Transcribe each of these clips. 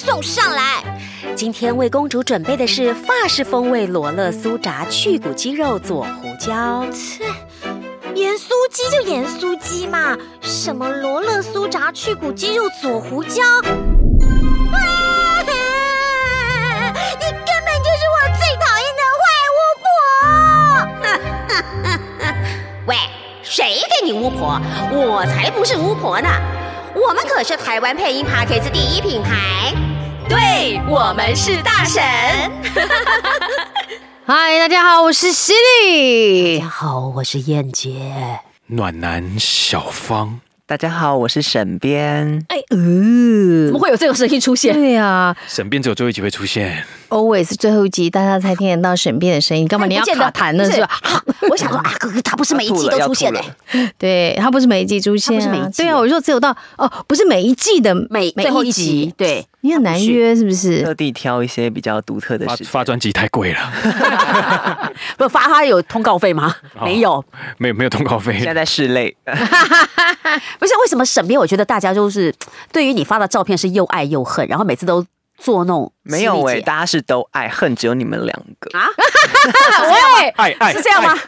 送上來！今天為公主準備的是法式風味羅勒酥炸去骨雞肉佐胡椒。切，鹽酥雞就鹽酥雞嘛，什麼羅勒酥炸去骨雞肉佐胡椒，啊？你根本就是我最討厭的壞巫婆！ 喂，誰給你巫婆？我才不是巫婆呢！我們可是台灣配音 Podcast 第一品牌。喂，我們是大嬸。嗨， 大家好，我是犀利。大家好，我是燕姐。暖男小方。大家好，我是嬸編。哎，呃，怎麼會有這種聲音出現？對呀、啊，嬸編只有最後一集會出現。Always 最後一集大家才聽得到嬸編的聲音，幹嘛你要卡彈呢見是吧、啊？我想說啊，他不是每一季都出現的，對，他不是每一季出現啊，不是每一，對啊，我說只有到哦，不是每一季的每一集每一集，對，你很難約是不是，不是？特地挑一些比較獨特的，發專輯太貴了。 不發他有通告費嗎、哦？沒有，沒有沒有通告費，現在，在室內。 不是為什麼嬸編？我覺得大家都是對於你發的照片是又愛又恨，然後每次都。作弄沒有喂、欸，大家是都愛恨，只有你們兩個啊！我 喂，愛愛,愛愛是這樣嗎？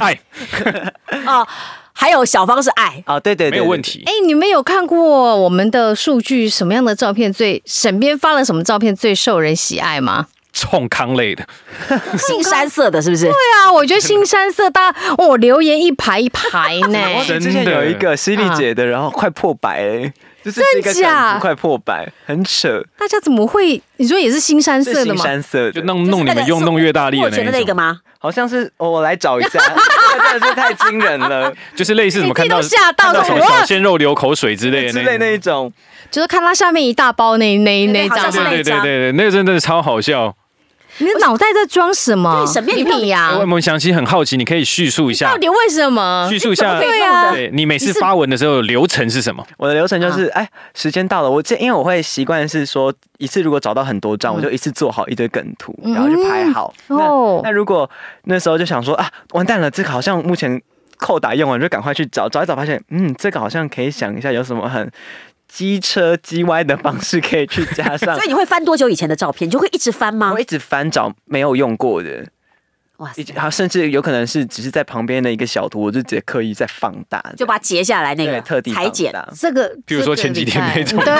愛 哦、啊，還有小芳是愛啊，對對,對，沒有問題。哎、欸，你們有看過我們的數據，什麼樣的照片最嬸編發了什麼照片最受人喜愛嗎？衝康類的， 新山色的是不是？對啊，我覺得新山色大我、哦、留言一排一排呢，真的,真的有一個犀利姐的，然後快破百、欸。真假？快破百，很扯。大家怎麼會？你說也是新山色的嗎？新山色就弄弄你們用弄越大力的那種。我覺得那個嗎？好像是，哦，我來找一下， 真的是太驚人了。就是類似什麼看，看到嚇到什麼小鮮肉流口水之類的那那一種，就是看它下面一大包那那那張，對，對對對對，那個真的是超好笑。你的腦袋在裝什麼？為什麼你呀、啊！我有沒想起？很好奇，你可以敘述一下到底為什麼？敘述一下，對呀，你每次發文的時候流程是什麼？我的流程就是，哎、啊，時間到了，我這因為我會習慣是說，一次如果找到很多張、嗯，我就一次做好一堆梗圖，然後就拍好。哦、嗯，那如果那時候就想說啊，完蛋了，這個好像目前扣打用完，我就趕快去找找一找，發現嗯，這個好像可以想一下有什麼很。機車機歪的方式可以去加上， 所以你會翻多久以前的照片？你就會一直翻嗎？我一直翻找沒有用過的，哇，好，甚至有可能是只是在旁邊的一個小圖，我就直接刻意在放大，就把它截下來那個特地裁剪了。這個，比如說前幾天那種，對，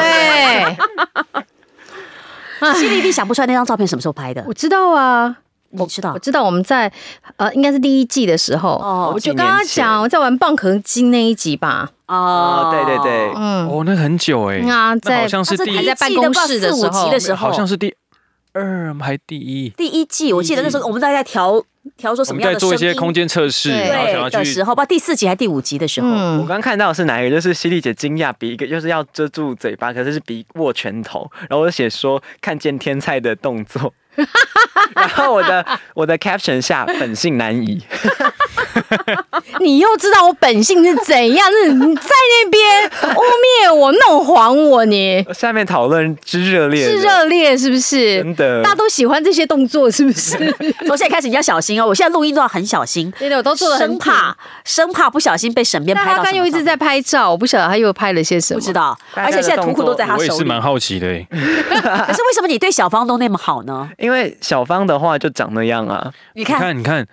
心裡一定想不出來那張照片什麼時候拍的。我知道啊。我知道，我知道我們在，呃，應該是第一季的時候，哦。我就剛剛講我在玩蚌殼機那一集吧。哦，對對對，嗯，哦，那很久哎、嗯啊，那好像是第一季，還在辦公室的時候，的時候好像是第二，還第一。第一季，我記得那時候我們大家調調說什麼樣的聲音，我們在做一些空間測試，然後想要的時候，不第四集還是第五集的時候，嗯、我剛，剛看到的是哪一個，就是犀利姐驚訝，比一個就是要遮住嘴巴，可是是比握拳頭，然後我就寫說看見天菜的動作。 然後我的我的 caption 下 本性難移， 你又知道我本性是怎樣？ 你在那邊污衊我、弄黃我，你下面討論之熱烈，是熱烈是不是？真的，大家都喜歡這些動作是不是？從 現在開始你要小心哦，我現在錄音都要很小心。對的，我都做了，生怕生怕不小心被嬸編拍到。他剛又一直在拍照，我不曉得他又拍了些什麼，不知道。而且現在圖庫都在他手裡，我也是蠻好奇的。 可是為什麼你對小芳都那麼好呢？因為小芳的話就長那樣啊你看，你看，你看，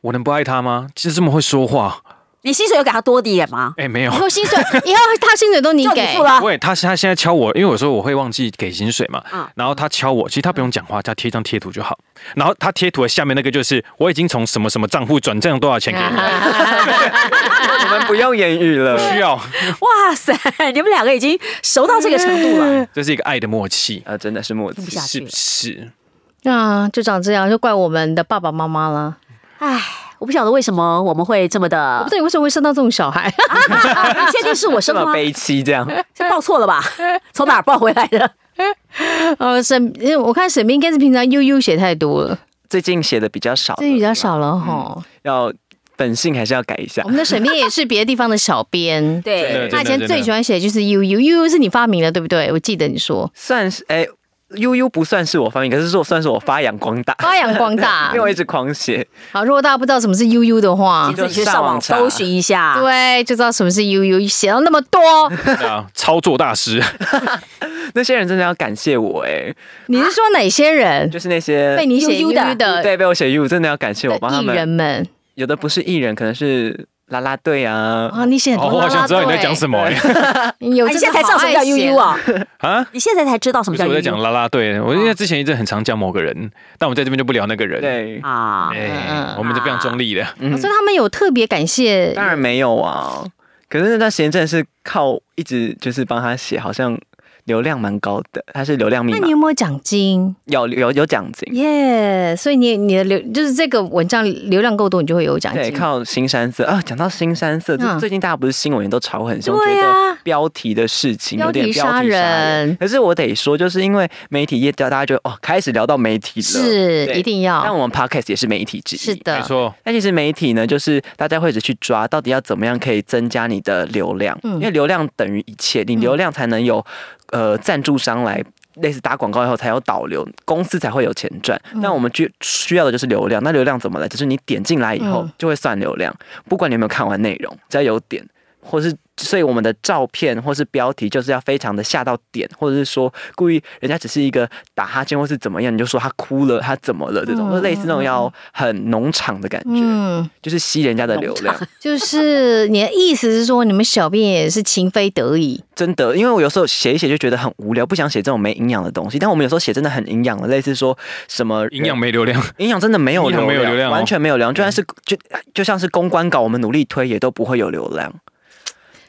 我能不愛他嗎？其實這麼會說話，你薪水有給他多點嗎？哎、欸，沒有，以後薪水以後他薪水都你給 你付不會，他他現在敲我，因為我說我會忘記給薪水嘛。哦、然後他敲我，其實他不用講話，他貼一張貼圖就好。然後他貼圖的下面那個就是我已經從什麼什麼賬戶轉賬多少錢給你。 你們不用言語了，不需要。 哇塞，你們兩個已經熟到這個程度了，這是一個愛的默契啊！真的是默契，是不是？是啊，就長這樣，就怪我們的爸爸媽媽了。哎，我不曉得為什麼我們會這麼的。我不知道你為什麼會生到這種小孩。肯 定是我生嗎。這麼悲戚，這樣是抱錯了吧？從哪抱回來的？呃，嬸，我看嬸編應該是平常 UU 寫太多了，最近寫的比較少，最近比較少了哈、嗯。要本性還是要改一下？ 我們的嬸編也是別的地方的小編， 對。他以前最喜歡寫的就是 UU，UU UU 是你發明的，對不對？我記得你說算是，哎。悠悠不算是我發明，可是說算是我發揚光大。發揚光大， 因為我一直狂寫。好，如果大家不知道什麼是悠悠的話，你自己上網搜尋一下，對，就知道什麼是悠悠。寫了那麼多， 啊，操作大師。 那些人真的要感謝我哎、欸！你是說哪些人？ 就是那些被你寫悠悠的，對，被我寫悠悠真的要感謝我幫他們。藝人們，有的不是藝人，可能是。啦啦隊啊！啊、哦，你現在、哦。我好像知道你在講什麼、欸。你 有、啊，你現在才知道什麼叫 UU 啊？啊，你現在才知道什麼叫？我在講啦啦隊、啊。我因為之前一直很常講某個人，但我們在這邊就不聊那個人。對啊、欸，嗯嗯，我們就非常中立的、啊嗯哦。所以他們有特別感謝、嗯，當然沒有啊。可是那段時間真的是靠一直就是幫他寫，好像。流量蠻高的，它是流量密碼。那你有沒有獎金？有有有獎金。耶、yeah，所以你你的流就是這個文章流量夠多，你就會有獎金、嗯。對，看到新山色啊，講到新山色，啊、最近大家不是新聞都炒很凶對、啊，覺得標題的事情有點標題殺人，殺人。可是我得說，就是因為媒體業教大家就哦，開始聊到媒體了，是一定要。但我們 podcast 也是媒體之一。是的，沒錯。那其實媒體呢，就是大家會一直去抓，到底要怎麼樣可以增加你的流量？嗯、因為流量等於一切，你流量才能有。呃，贊助商來類似打廣告以後才有導流，公司才會有錢賺。那、嗯、我們需需要的就是流量。那流量怎麼來？就是你點進來以後就會算流量，嗯、不管你有沒有看完內容，只要有點或是。所以我們的照片或是標題就是要非常的嚇到點，或者是說故意人家只是一個打哈欠或是怎麼樣，你就說他哭了，他怎麼了？這種就、嗯、類似那種要很農場的感覺、嗯，就是吸人家的流量。就是你的意思是說，你們小編也是情非得已？ 真的，因為我有時候寫一寫就覺得很無聊，不想寫這種沒營養的東西。但我們有時候寫真的很營養，類似說什麼營養沒流量，營養真的沒有流量，沒有流量，完全沒有流量，就算是就就像是公關稿，我們努力推也都不會有流量。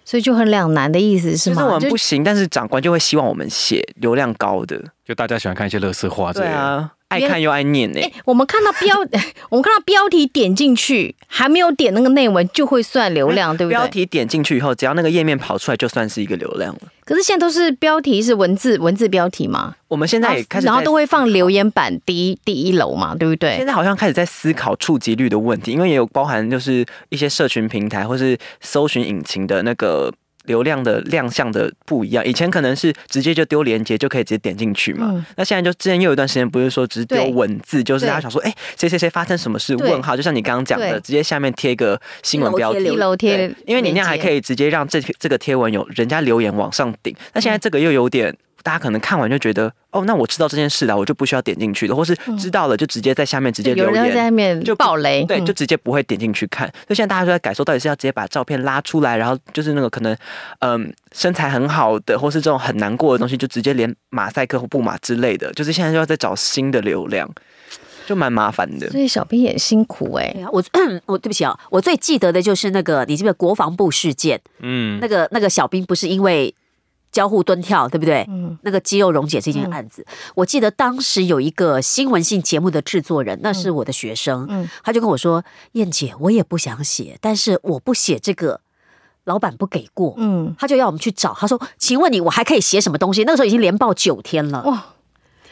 所以就很兩難的意思是嗎？那、就是、我們不行，但是長官就會希望我們寫流量高的，就大家喜歡看一些樂色話這樣。愛看又愛念呢。誒，我們看到標題， 我們看到標題點進去，還沒有點那個內文就會算流量，對不對？標題點進去以後，只要那個頁面跑出來，就算是一個流量了。可是現在都是標題是文字，文字標題嘛。我們現在也開始在，然後都會放留言板第一第一樓嘛，對不對？現在好像開始在思考觸及率的問題，因為也有包含就是一些社群平台或是搜尋引擎的那個。流量的亮相的不一樣，以前可能是直接就丟鏈接就可以直接點進去嘛、嗯，那現在就之前又有一段時間不是說只丟文字，就是大家想說，哎，誰誰誰發生什麼事？問號，就像你剛剛講的，直接下面貼一個新聞標題，樓貼，因為你那樣還可以直接讓這篇這個貼文有人家留言往上頂。那現在這個又有點。大家可能看完就覺得，哦，那我知道這件事了，我就不需要點進去的，或是知道了就直接在下面直接留言，嗯、有人在下面就爆雷，對，就直接不會點進去看。所、嗯、以現在大家都在感受到底是要直接把照片拉出來，然後就是那個可能，嗯，身材很好的，或是這種很難過的東西，就直接連馬賽克或不馬之類的，就是現在就要再找新的流量，就蠻麻煩的。所以小兵也很辛苦、欸、哎。我我對不起啊、哦，我最記得的就是那個你這個國防部事件，嗯，那個那個小兵不是因為。交互蹲跳，對不對？嗯，那個肌肉溶解這件案子。嗯，我記得當時有一個新聞性節目的制作人，嗯，那是我的學生，嗯，他就跟我說：“燕姐，我也不想寫，但是我不寫這個，老闆不給過，嗯，他就要我們去找。他說，請問你，我還可以寫什麼東西？那個時候已經連報九天了，哇，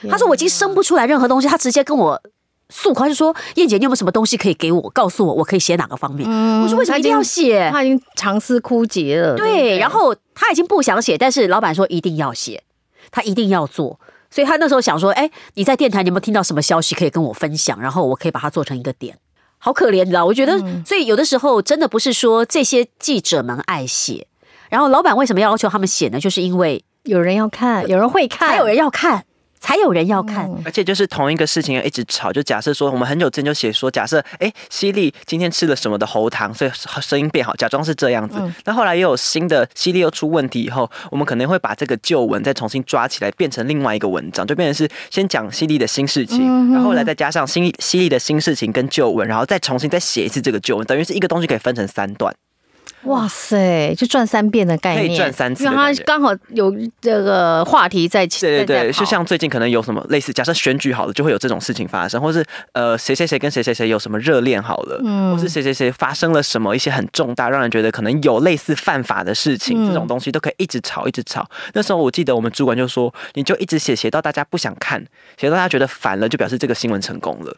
天哪。他說我已經生不出來任何東西，他直接跟我。”訴，他就說：“燕姐，你有沒有什麼東西可以給我？告訴我，我可以寫哪個方面？”嗯，我說：“為什麼一定要寫？他已經，他已經長思枯竭了。對對”對，然後他已經不想寫，但是老板說一定要寫，他一定要做，所以他那時候想說：“誒，你在電台你有沒有聽到什麼消息可以跟我分享？然後我可以把它做成一個點。”好可憐啦，我覺得，嗯，所以有的時候真的不是說這些記者們愛寫，然後老板為什麼要要求他們寫呢？就是因為有人要看，有人會看，還有人要看。才有人要看、嗯，而且就是同一個事情一直吵。就假設說，我們很久之前就寫說假，假設哎，犀利今天吃了什麼的喉糖，所以聲音變好，假裝是這樣子。那、嗯、後來又有新的犀利又出問題以後，我們可能會把這個舊文再重新抓起來，變成另外一個文章，就變成是先講犀利的新事情，嗯、然後，後來再加上新犀利的新事情跟舊文，然後再重新再寫一次這個舊文，等於是一個東西可以分成三段。哇塞，就轉三遍的概念，可以轉三次，因為它剛好有這個話題在跑。對對對，就像最近可能有什麼類似，假設選舉好了，就會有這種事情發生，或是呃誰誰誰跟誰誰誰有什麼熱戀好了，嗯、或是誰誰誰發生了什麼一些很重大，讓人覺得可能有類似犯法的事情，這種東西都可以一直吵一直吵、嗯。那時候我記得我們主管就說，你就一直寫寫到大家不想看，寫到大家覺得煩了，就表示這個新聞成功了。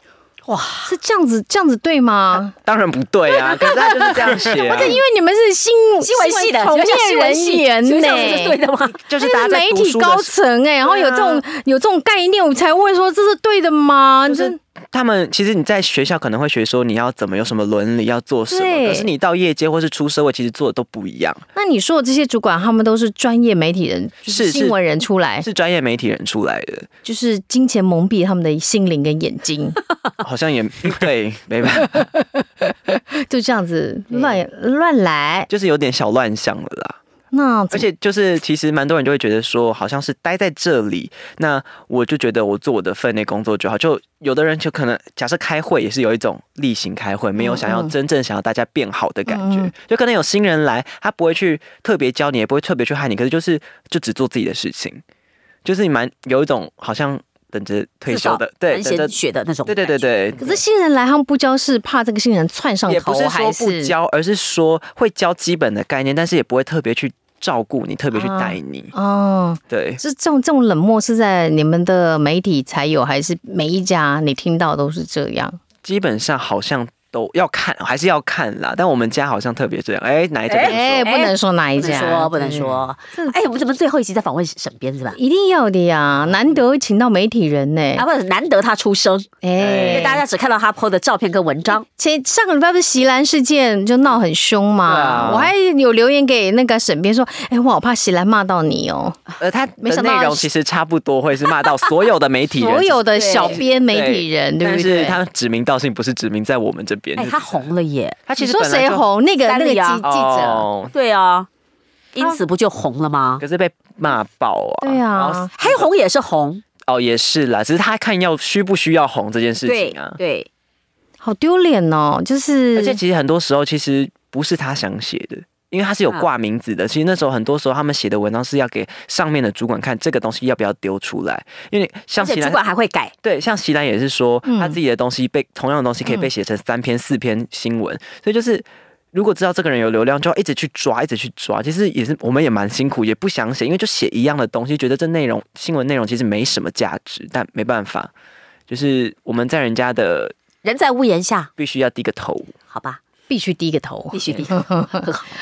哇，是這樣子，這樣子對嗎？當然不對呀、啊，大 家就是這樣寫、啊。我因為你們是新 新聞系的從業人員呢，這是對的嗎？就是媒體高層哎，然後有這種有這種概念，我才問說這是對的嗎？這。他們其實你在學校可能會學說你要怎麼有什麼倫理要做什麼，可是你到業界或是出社會，其實做的都不一樣。那你說的這些主管，他們都是專業媒體人，是、就是、新聞人出來，是專業媒體人出來的，就是金錢蒙蔽他們的心靈跟眼睛，好像也對， 沒辦法，就這樣子亂亂來，就是有點小亂象了啦。那，而且就是，其實蠻多人就會覺得說，好像是待在這裡。那我就覺得，我做我的份內工作就好。就有的人就可能，假設開會也是有一種例行開會，沒有想要真正想要大家變好的感覺。嗯嗯嗯嗯，就可能有新人來，他不會去特別教你，也不會特別去害你，可是就是就只做自己的事情，就是你蠻有一種好像。等着退休的，對，等着血的那種，對對對對。可是新人來，他們不教，是怕這個新人竄上頭，不是說不教，而是說會教基本的概念，但是也不會特別去照顧你，啊、特別去帶你。哦、啊，對，是這種這種冷漠是在你們的媒體才有，還是每一家你聽到都是這樣？基本上好像。要看還是要看啦，但我們家好像特別這樣。哎、欸，哪一家？哎、欸，不能說哪一家。說不能說。哎、欸，我們怎麼最後一集在訪問嬸編是吧？一定要的呀、啊，難得請到媒體人呢、欸。啊不，難得他出聲。哎、欸，大家只看到他 po 的照片跟文章。前、欸、上個禮拜不是席蘭事件就鬧很凶嘛、啊？我還有留言給那個嬸編說，哎、欸，我好怕席蘭罵到你哦、喔。呃，他沒想到內容其實差不多，會是罵到所有的媒體人， 所有的小編媒體人，對不對，對？但是他指名道姓，不是指名在我們這。哎、欸，他紅了耶！他其實說誰紅？那個、哦，那個記記者、哦，對啊，因此不就紅了嗎？啊、可是被罵爆啊！對啊，黑紅也是紅哦，也是啦，只是他看要需不需要紅這件事情啊，對，對好丟臉哦，就是而且其實很多時候其實不是他想寫的。因為他是有掛名字的，其實那時候很多時候他們寫的文章是要給上面的主管看，這個東西要不要丟出來？因為像，而且主管還會改。對，像西蘭也是說、嗯，他自己的東西被同樣的東西可以被寫成三篇、四篇新聞、嗯，所以就是如果知道這個人有流量，就要一直去抓，一直去抓。其實也是，我們也蠻辛苦，也不想寫，因為就寫一樣的東西，覺得這內容新聞內容其實沒什麼價值，但沒辦法，就是我們在人家的人在屋檐下，必須要低個頭，好吧？必須低一個頭，必須低。很好，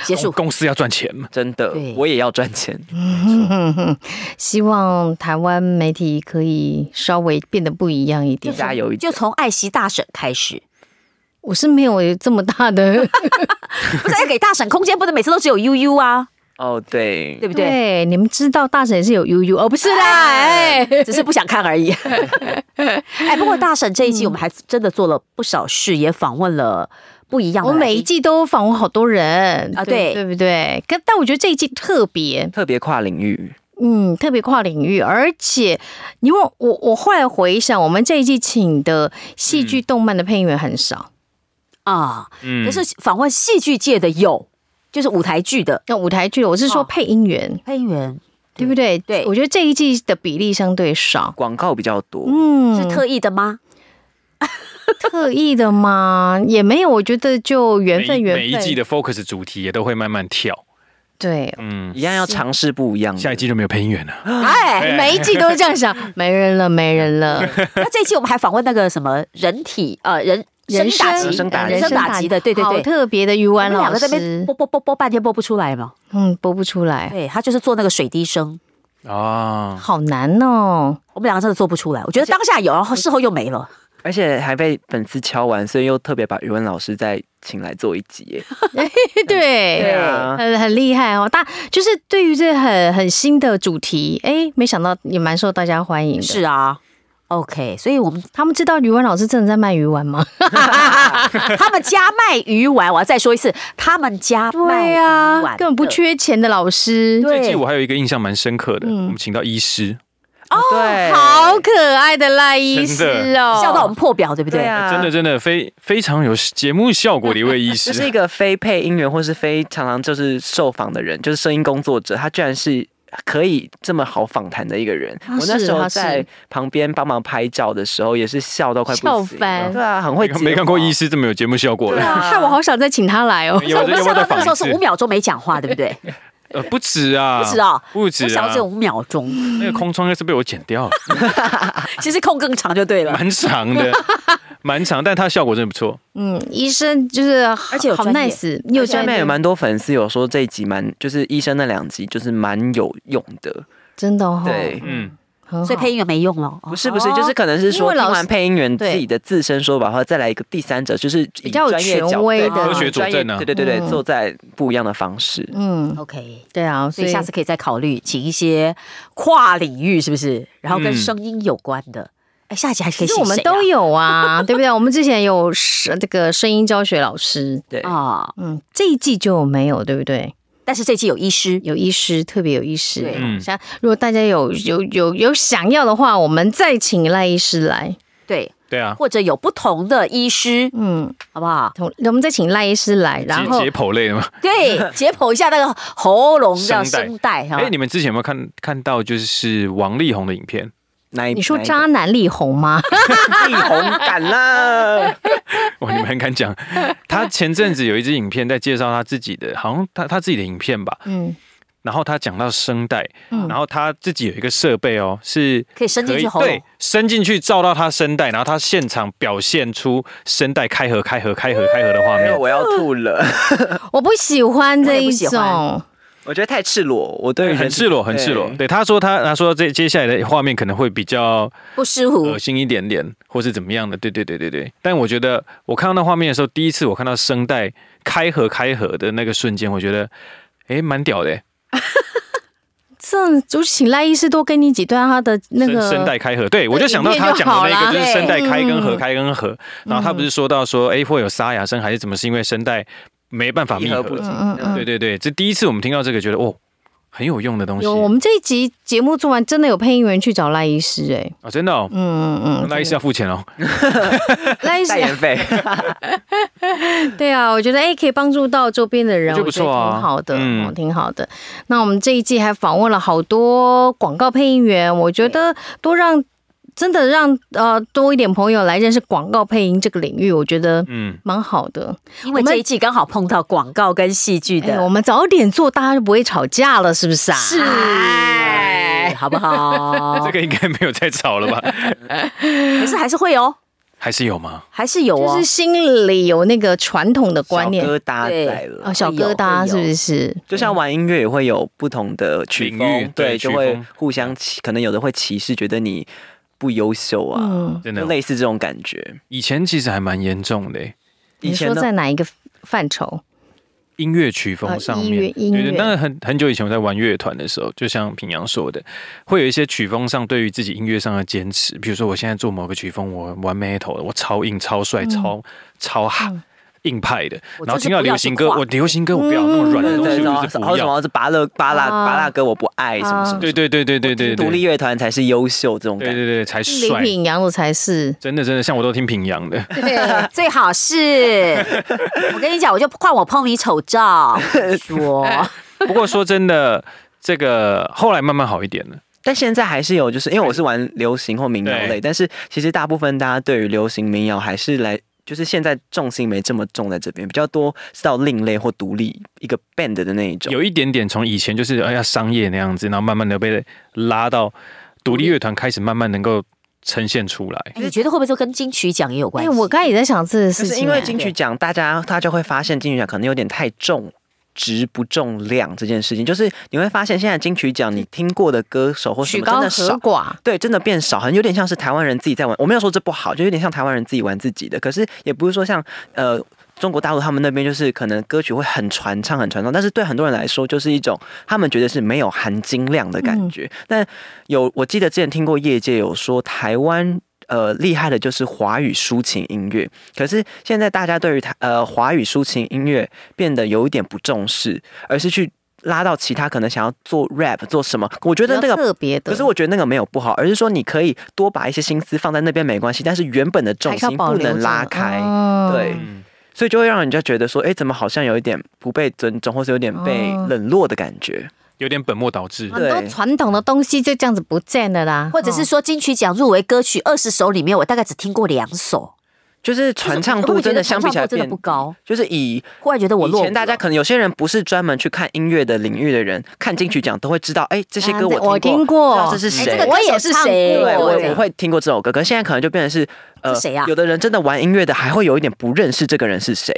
結束。公司要賺錢嘛。真的，我也要賺錢、嗯哼哼。希望台灣媒體可以稍微變得不一樣一點。就從愛惜大嬸開始。我是沒有這麼大的 不是要給大嬸空間，不能每次都只有悠悠啊。哦，對，對不對？對，你們知道大嬸是有悠悠，哦不是啦，哎，只是不想看而已。 哎，不過大嬸這一季我們還真的做了不少事，嗯、也訪問了。不一樣，我每一季都訪問好多人啊，對，對不對？但我覺得這一季特別，特別跨領域，嗯，特別跨領域。而且你問我，我後來回想，我們這一季請的戲劇、動漫的配音員很少啊，嗯，可、啊、是訪問戲劇界的有，就是舞台劇的，那、哦、舞台劇我是說配音員，配音員對不對？對，對我覺得這一季的比例相對少，廣告比較多，嗯，是特意的嗎？ 特意的嗎？也沒有，我覺得就緣分。緣分。每一季的 focus 主題也都會慢慢跳。對，嗯，一樣要嘗試不一樣的。下一季就沒有配音員了。 哎，每一季都是這樣想， 沒人了，沒人了。 那這一期我們還訪問那個什麼人體呃人人打擊聲打擊打擊的打，對對對，對，好特別的 U one 老師。我們兩個在那邊播播播播，播半天播不出來嘛？嗯，播不出來。對，他就是做那個水滴聲啊、哦，好難哦。我們兩個真的做不出來。我覺得當下有，然後事後又沒了。而且還被粉絲敲完，所以又特別把語文老師再請來做一集 對、嗯。對、啊，很很厲害哦！但就是對於這個很很新的主題，哎、欸，沒想到也蠻受大家歡迎的。是啊，OK，所以我們他們知道語文老師真的在賣魚丸嗎？ 他們家賣魚丸，我要再說一次，他們家賣魚丸。對、啊，根本不缺錢的老師。對對，最近我還有一個印象蠻深刻的，嗯，我們請到醫師。對哦，好可愛的賴醫師哦，笑到我們破表，對不對？對啊、真的真的，非非常有節目效果的一位醫師、啊。這 是一個非配音員或是非常常就是受訪的人，就是聲音工作者，他居然是可以這麼好訪談的一個人、啊。我那時候在旁邊幫忙拍照的時候，是啊、是也是笑到快不行。對啊，很會沒看過醫師這麼有節目效果的對、啊。對啊，害 我好想再請他來哦。笑到那個時候是五秒鐘沒講話，對不對？ 不止啊，不止啊，不止、啊，少止五、啊、秒鐘，嗯。那個空窗應該是被我剪掉了。 其實空更長就對了，蠻長的 蠻長，但它效果真的不錯。嗯，醫生就是而且有好 nice，下面有蠻多粉絲有說這一集蠻就是醫生那兩集就是蠻有用的，真的哈、哦，對，嗯。所以配音員沒用了？不是不是，就是可能是說聽完配音員自己的自身說法後，再來一個第三者，對對，就是比較專業、權威的、啊、科學佐證啊，對對對對，嗯、做在不一樣的方式、嗯，嗯，OK，對啊，所以下次可以再考慮請一些跨領域，是不是？然後跟聲音有關的，哎、嗯欸，下集還可以、啊，其實我們都有啊， 對不對？我們之前有這個聲音教學老師，對啊，嗯，這一季就沒有，對不對？但是這期有醫師，有醫師特別有醫師，嗯，像如果大家有有有有想要的話，我們再請賴醫師來，對，對啊，或者有不同的醫師，嗯，好不好？同，我們再請賴醫師來，然後解，解剖類的嗎？對，解剖一下那個喉嚨叫 聲帶。哎、欸，你們之前有沒有看看到就是王力宏的影片？你說渣男力宏嗎？力 宏敢感啦！ 哇，你們很敢講。他前陣子有一支影片在介紹他自己的，好像他他自己的影片吧。嗯。然後他講到聲帶，嗯，然後他自己有一個設備哦，是可以，可以伸進去對，伸進去照到他聲帶，然後他現場表現出聲帶開合、開合、開合、開合的畫面。我要吐了， 我不喜歡這一種。我覺得太赤裸，我對、欸、很赤裸，很赤裸。對，對他說他他說，這接下來的畫面可能會比較不舒服，噁心一點點，或是怎麼樣的。對對對對對。但我覺得我看到那畫面的時候，第一次我看到聲帶開合開合的那個瞬間，我覺得哎，蠻、欸、屌的、欸。 這就請賴醫師多跟你幾段他的那個聲帶開合。對，我就想到他講的那個，就是聲帶開，開跟合，開跟合。然後他不是說到說哎、欸、會有沙啞聲還是怎麼？是因為聲帶。沒辦法彌合不，嗯嗯嗯，對對對，這第一次我們聽到這個，覺得哦，很有用的東西。我們這一集節目做完，真的有配音員去找賴醫師、欸，哎，啊，真的、哦，嗯嗯嗯，賴醫師要付錢哦，賴醫師代言費費。 對啊，我覺得哎、欸，可以幫助到周邊的人，就不錯、啊，挺好的，嗯，嗯，挺好的。那我們這一季還訪問了好多廣告配音員，我覺得多讓。真的讓呃多一點朋友來認識廣告配音這個領域，我覺得嗯蠻好的。嗯、我們因為這一季剛好碰到廣告跟戲劇的、哎，我們早點做，大家就不會吵架了，是不是啊？是，哎哎、好不好？ 這個應該沒有再吵了吧？可是還是會有、哦？ 還是有嗎？還是有、哦，就是心裡有那個傳統的觀念疙瘩來了、哦、小疙瘩是不是、嗯？就像玩音樂也會有不同的曲領域，對，對就會互相歧可能有的會歧視，覺得你。不優秀啊，真、嗯、的類似這種感覺。以前其實還蠻嚴重的、欸。你說在哪一個範疇？音樂曲風上面，音樂音樂對，對對。當然，很很久以前我在玩樂團的時候，就像平陽說的，會有一些曲風上對於自己音樂上的堅持。比如說，我現在做某個曲風，我玩 Metal，我超硬、超帥、嗯、超超好。嗯硬派的，然後聽到流行歌，我，我流行歌我不要那麼軟的東西，然後什麼什麼，是芭樂芭啦芭啦歌我不愛，什麼什麼，對對對對對對，對，獨立樂團才是優秀這種，對對對，才帥，平陽的才是真的真的，像我都聽平陽的，最好是，我跟你講，我就怕我碰你醜照， 說， 不過說真的，這個後來慢慢好一點了，但現在還是有，就是因為我是玩流行或民謠類，但是其實大部分大家對於流行民謠還是來。就是現在重心沒這麼重，在這邊比較多是到另類或獨立一個 band 的那一種，有一點點從以前就是哎呀商業那樣子，然後慢慢的被拉到獨立樂團開始慢慢能夠呈現出來。你覺得會不會說跟金曲獎也有關係？因為我剛才也在想這事情、啊、是因為金曲獎大家大家會發現金曲獎可能有點太重。值不重量這件事情，就是你會發現，現在金曲獎你聽過的歌手或許真的少，對，真的變少，好像有點像是台灣人自己在玩。我沒有說這不好，就有點像台灣人自己玩自己的。可是也不是說像呃中國大陸他們那邊就是可能歌曲會很傳唱，很傳唱，但是對很多人來說就是一種他們覺得是沒有含金量的感覺。嗯、但有，我記得之前聽過業界有說台灣。呃，厲害的就是華語抒情音樂，可是現在大家對於他呃華語抒情音樂變得有一點不重視，而是去拉到其他可能想要做 rap 做什麼。我覺得那個，特別的可是我覺得那個沒有不好，而是說你可以多把一些心思放在那邊沒關係，但是原本的重心不能拉開。Oh. 對，所以就會讓人家覺得說，哎、欸，怎麼好像有一點不被尊重，或是有點被冷落的感覺。有點本末倒置，很多傳統的東西就這樣子不見了啦。或者是說，金曲獎入圍歌曲二十首裡面，我大概只聽過兩首，就是傳唱度真的相比起來真的不高。就是以，覺得我以前大家可能有些人不是專門去看音樂的領域的人，看金曲獎都會知道，哎、欸，這些歌我聽過，啊、我聽過這是誰？我也是誰？對，我我會聽過這首歌，可是現在可能就變成是，呃，啊、有的人真的玩音樂的還會有一點不認識這個人是誰。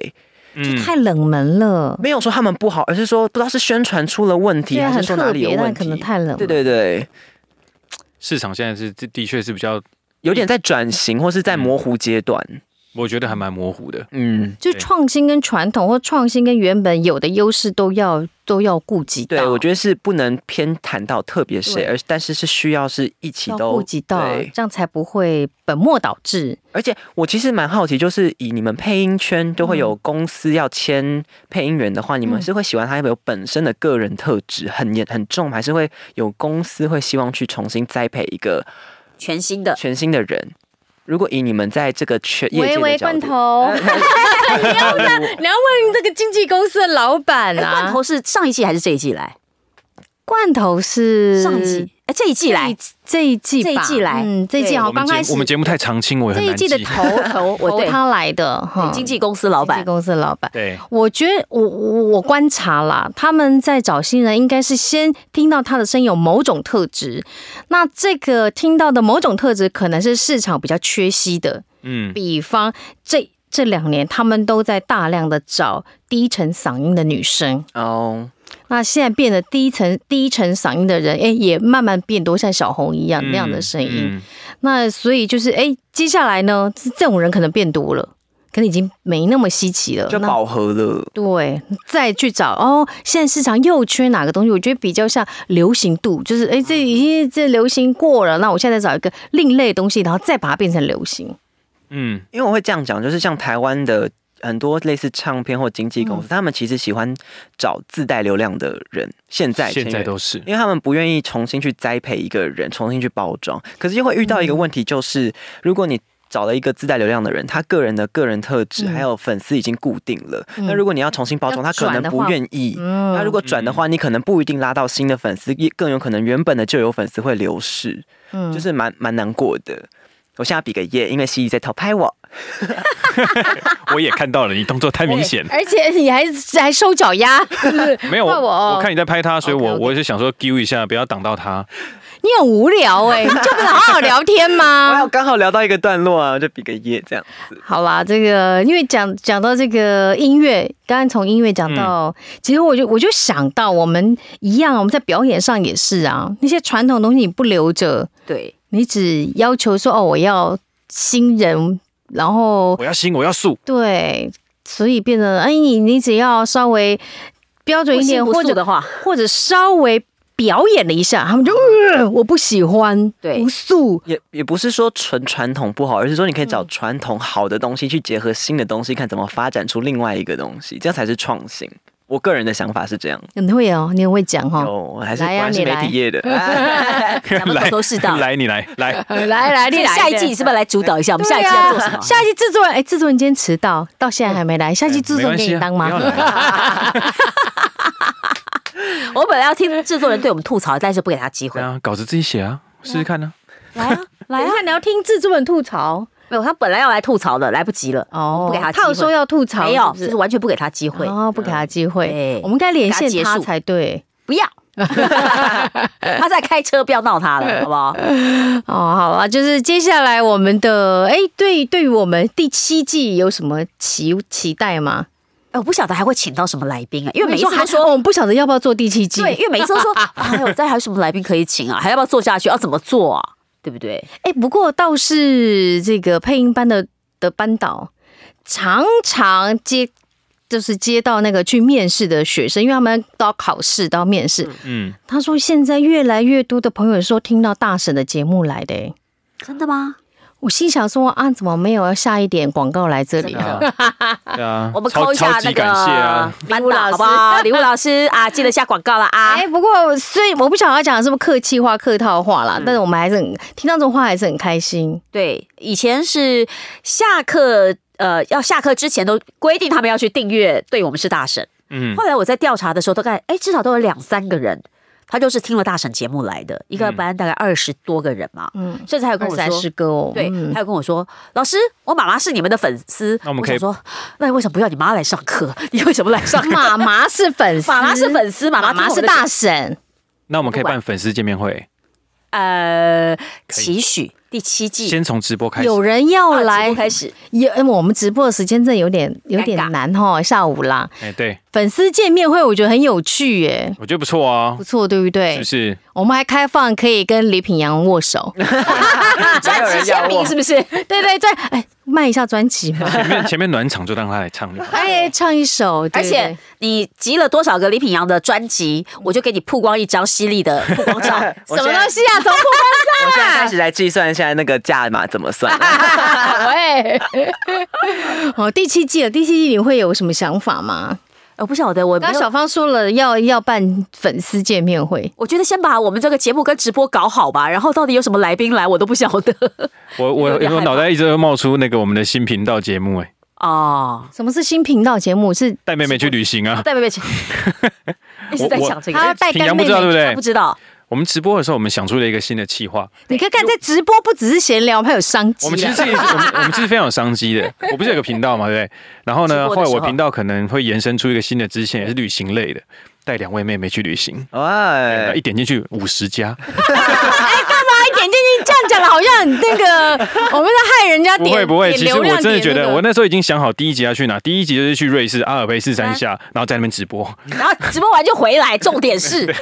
就太冷門了，嗯，沒有說他們不好，而是說不知道是宣傳出了問題，還是說哪裡有問題。可能太冷。對對對，市場現在是的確是比較有點在轉型或是在模糊階段。嗯我覺得還蠻模糊的，嗯，就創新跟傳統，或創新跟原本有的優勢，都要都要顧及到。對，我覺得是不能偏談到特別誰，而但是是需要是一起都顧及到，這樣才不會本末倒置。而且我其實蠻好奇，就是以你們配音圈就會有公司要簽配音員的話，嗯，你們是會喜歡他有有本身的個人特質很嚴很重，還是會有公司會希望去重新栽培一個全新的全新的人？如果以你們在這個圈業界來講，喂喂罐頭， 你要問他 你要問這個經紀公司的老板啊，罐頭是上一季還是這一季來？罐頭是上一季。哎，這一季來，這一季，這一季來，嗯，這一季好剛開始我們節我們節目太常青，我也這一季的頭頭， 我他來的哈、 嗯，經紀公司老闆，經紀公司老闆，對，我覺得我我觀察啦，他們在找新人，應該是先聽到他的聲音有某種特質，那這個聽到的某種特質可能是市場比較缺稀的，嗯，比方這這兩年他們都在大量的找低沉嗓音的女生，嗯、哦。那現在變得低沉低沉嗓音的人，哎、欸，也慢慢變多，像小紅一樣、嗯、那樣的聲音、嗯。那所以就是，哎、欸，接下來呢，是這種人可能變多了，可能已經沒那麼稀奇了，就飽和了。對，再去找哦，現在市場又缺哪個東西？我覺得比較像流行度，就是，哎、欸，這已經這流行過了，嗯、那我現在找一個另類的東西，然後再把它變成流行。嗯，因為我會這樣講，就是像台灣的。很多類似唱片或經紀公司，嗯、他們其實喜歡找自帶流量的人。現在現在都是，因為他們不願意重新去栽培一個人，重新去包裝。可是又會遇到一個問題，就是、嗯、如果你找了一個自帶流量的人，他個人的個人特質還有粉絲已經固定了、嗯。那如果你要重新包裝、嗯，他可能不願意。他如果轉的話、嗯，你可能不一定拉到新的粉絲，也更有可能原本的就有粉絲會流失。嗯，就是蠻蠻難過的。我現在比個耶，因為西西在偷拍我。 我也看到了，你動作太明顯、欸，而且你還還收腳丫 是是，沒有啊，我我看你在拍他，所以我 okay, okay. 我就想說丟一下，不要擋到他。你很無聊哎、欸， 就不能好好聊天嗎？ 我剛好聊到一個段落啊，就比個耶這樣子。好啦，這個因為講講到這個音樂，剛剛從音樂講到、嗯，其實我就我就想到，我們一樣，我們在表演上也是啊，那些傳統東西你不留着，對你只要求說哦，我要新人。然後我要新，我要素。對，所以變得哎，你你只要稍微標準一點，或者的話，或者稍微表演了一下，他們就、呃、我不喜歡，對，不素也也不是說純傳統不好，而是說你可以找傳統好的東西去結合新的東西，嗯、看怎麼發展出另外一個東西，這樣才是創新。我個人的想法是這樣，很、嗯、會哦，你很會講哈，哦、嗯嗯，還是，還、啊、是媒體業的，來都是到，來你來，啊、來來來，你來，來來來你來下一季是不是來主導一下？我們下一季要做什麼？啊、下一季製作人，哎、欸，製作人今天遲到，到現在還沒來，下一季製作人給你當嗎。欸啊、我， 我本來要聽製作人對我們吐槽，但是不給他機會啊，稿子自己寫啊，試試看呢、啊，來啊，來啊， 你要聽製作人吐槽。沒有，他本來要來吐槽的，來不及了。哦，不給他，他有說要吐槽是是，沒有，就是完全不給他機會。哦，不給他機會，嗯、我們該連線他才對。不要， 他在開車，不要鬧他了，好不好？哦，好啊，就是接下來我們的哎，對，對於我們第七季有什麼期期待嗎？哎、哦，我不曉得還會請到什麼來賓啊，因為每一次都說，嗯哦、我們不曉得要不要做第七季，對，因為每一次都說還有、 啊哎、再還有什麼來賓可以請啊，還要不要做下去？要怎麼做啊？對不對？哎、欸，不過倒是這個配音班的的班導，常常接，就是接到那個去面試的學生，因為他們到考試到面試，嗯，他說現在越來越多的朋友說聽到大嬸的節目來的、欸，真的嗎？我心想說啊，怎麼沒有要下一點廣告來這裡啊？啊對啊， 啊，我們扣一下那個。啊，禮物老師，禮 物老師啊，記得下廣告了啊！哎、欸，不過雖我不想要講什麼客氣話、客套話啦、嗯、但是我們還是很聽到這種話還是很開心。對，以前是下課，呃，要下課之前都規定他們要去訂閱，對我們是大神。嗯，後來我在調查的時候都看，大概哎至少都有兩三個人。他就是聽了大嬸節目來的，一個班大概二十多個人嘛、嗯，甚至還有跟我三師、嗯、哥哦，對，還、嗯、有跟我說老師，我媽媽是你們的粉絲，那我們可以說，那你為什麼不要你媽來上課？你為什麼來上課？媽媽是粉絲，媽媽是粉絲，媽媽是，媽媽是大嬸，那我們可以辦粉絲見面會，呃，期許。第七季，先從直播開始。有人要來，啊、開始因為、嗯、我們直播的時間，真的有點有點難哈、哦，下午啦。哎、欸，對，粉絲見面會，我覺得很有趣耶，我覺得不錯啊，不錯，對不對？是不是？我們還開放可以跟李品陽握手，專輯簽名，是不是？ 是不是 對，對對對，哎。賣一下專輯嘛，前面前面暖場就讓他來唱。哎， 唱一首對對。而且你集了多少個李品揚的專輯，我就給你曝光一張犀利的曝光照。 什麼東西啊？從曝光照、啊、 我現在開始來計算一下那個價碼怎麼算、啊。喂、 哦，哦第七季了，第七季你會有什麼想法嗎？我不曉得，我剛小芳說了要要辦粉絲見面會，我覺得先把我們這個節目跟直播搞好吧。然後到底有什麼來賓來，我都不曉得。我我有有我腦袋一直冒出那個我們的新頻道節目哎、欸。哦，什麼是新頻道節目？是帶妹妹去旅行啊？帶、哦、妹妹去， 一直在想這個。她帶乾妹妹，她不知道。我們直播的時候，我們想出了一個新的計劃。你可以看，看在直播不只是閒聊，還有商機。 我們其實也是，我們其實非常有商機的。我不是有個頻道嗎？對不對？然後呢，後來我頻道可能會延伸出一個新的支線，也是旅行類的，帶兩位妹妹去旅行。哎、 欸，一點進去五十家。哎，幹嘛一點進去？這樣講好像那個我們在害人家點。不會不會，其實我真的覺得、那個、我那時候已經想好第一集要去哪。第一集就是去瑞士阿爾卑斯山下、啊，然後在那邊直播。然後直播完就回來。 重點是。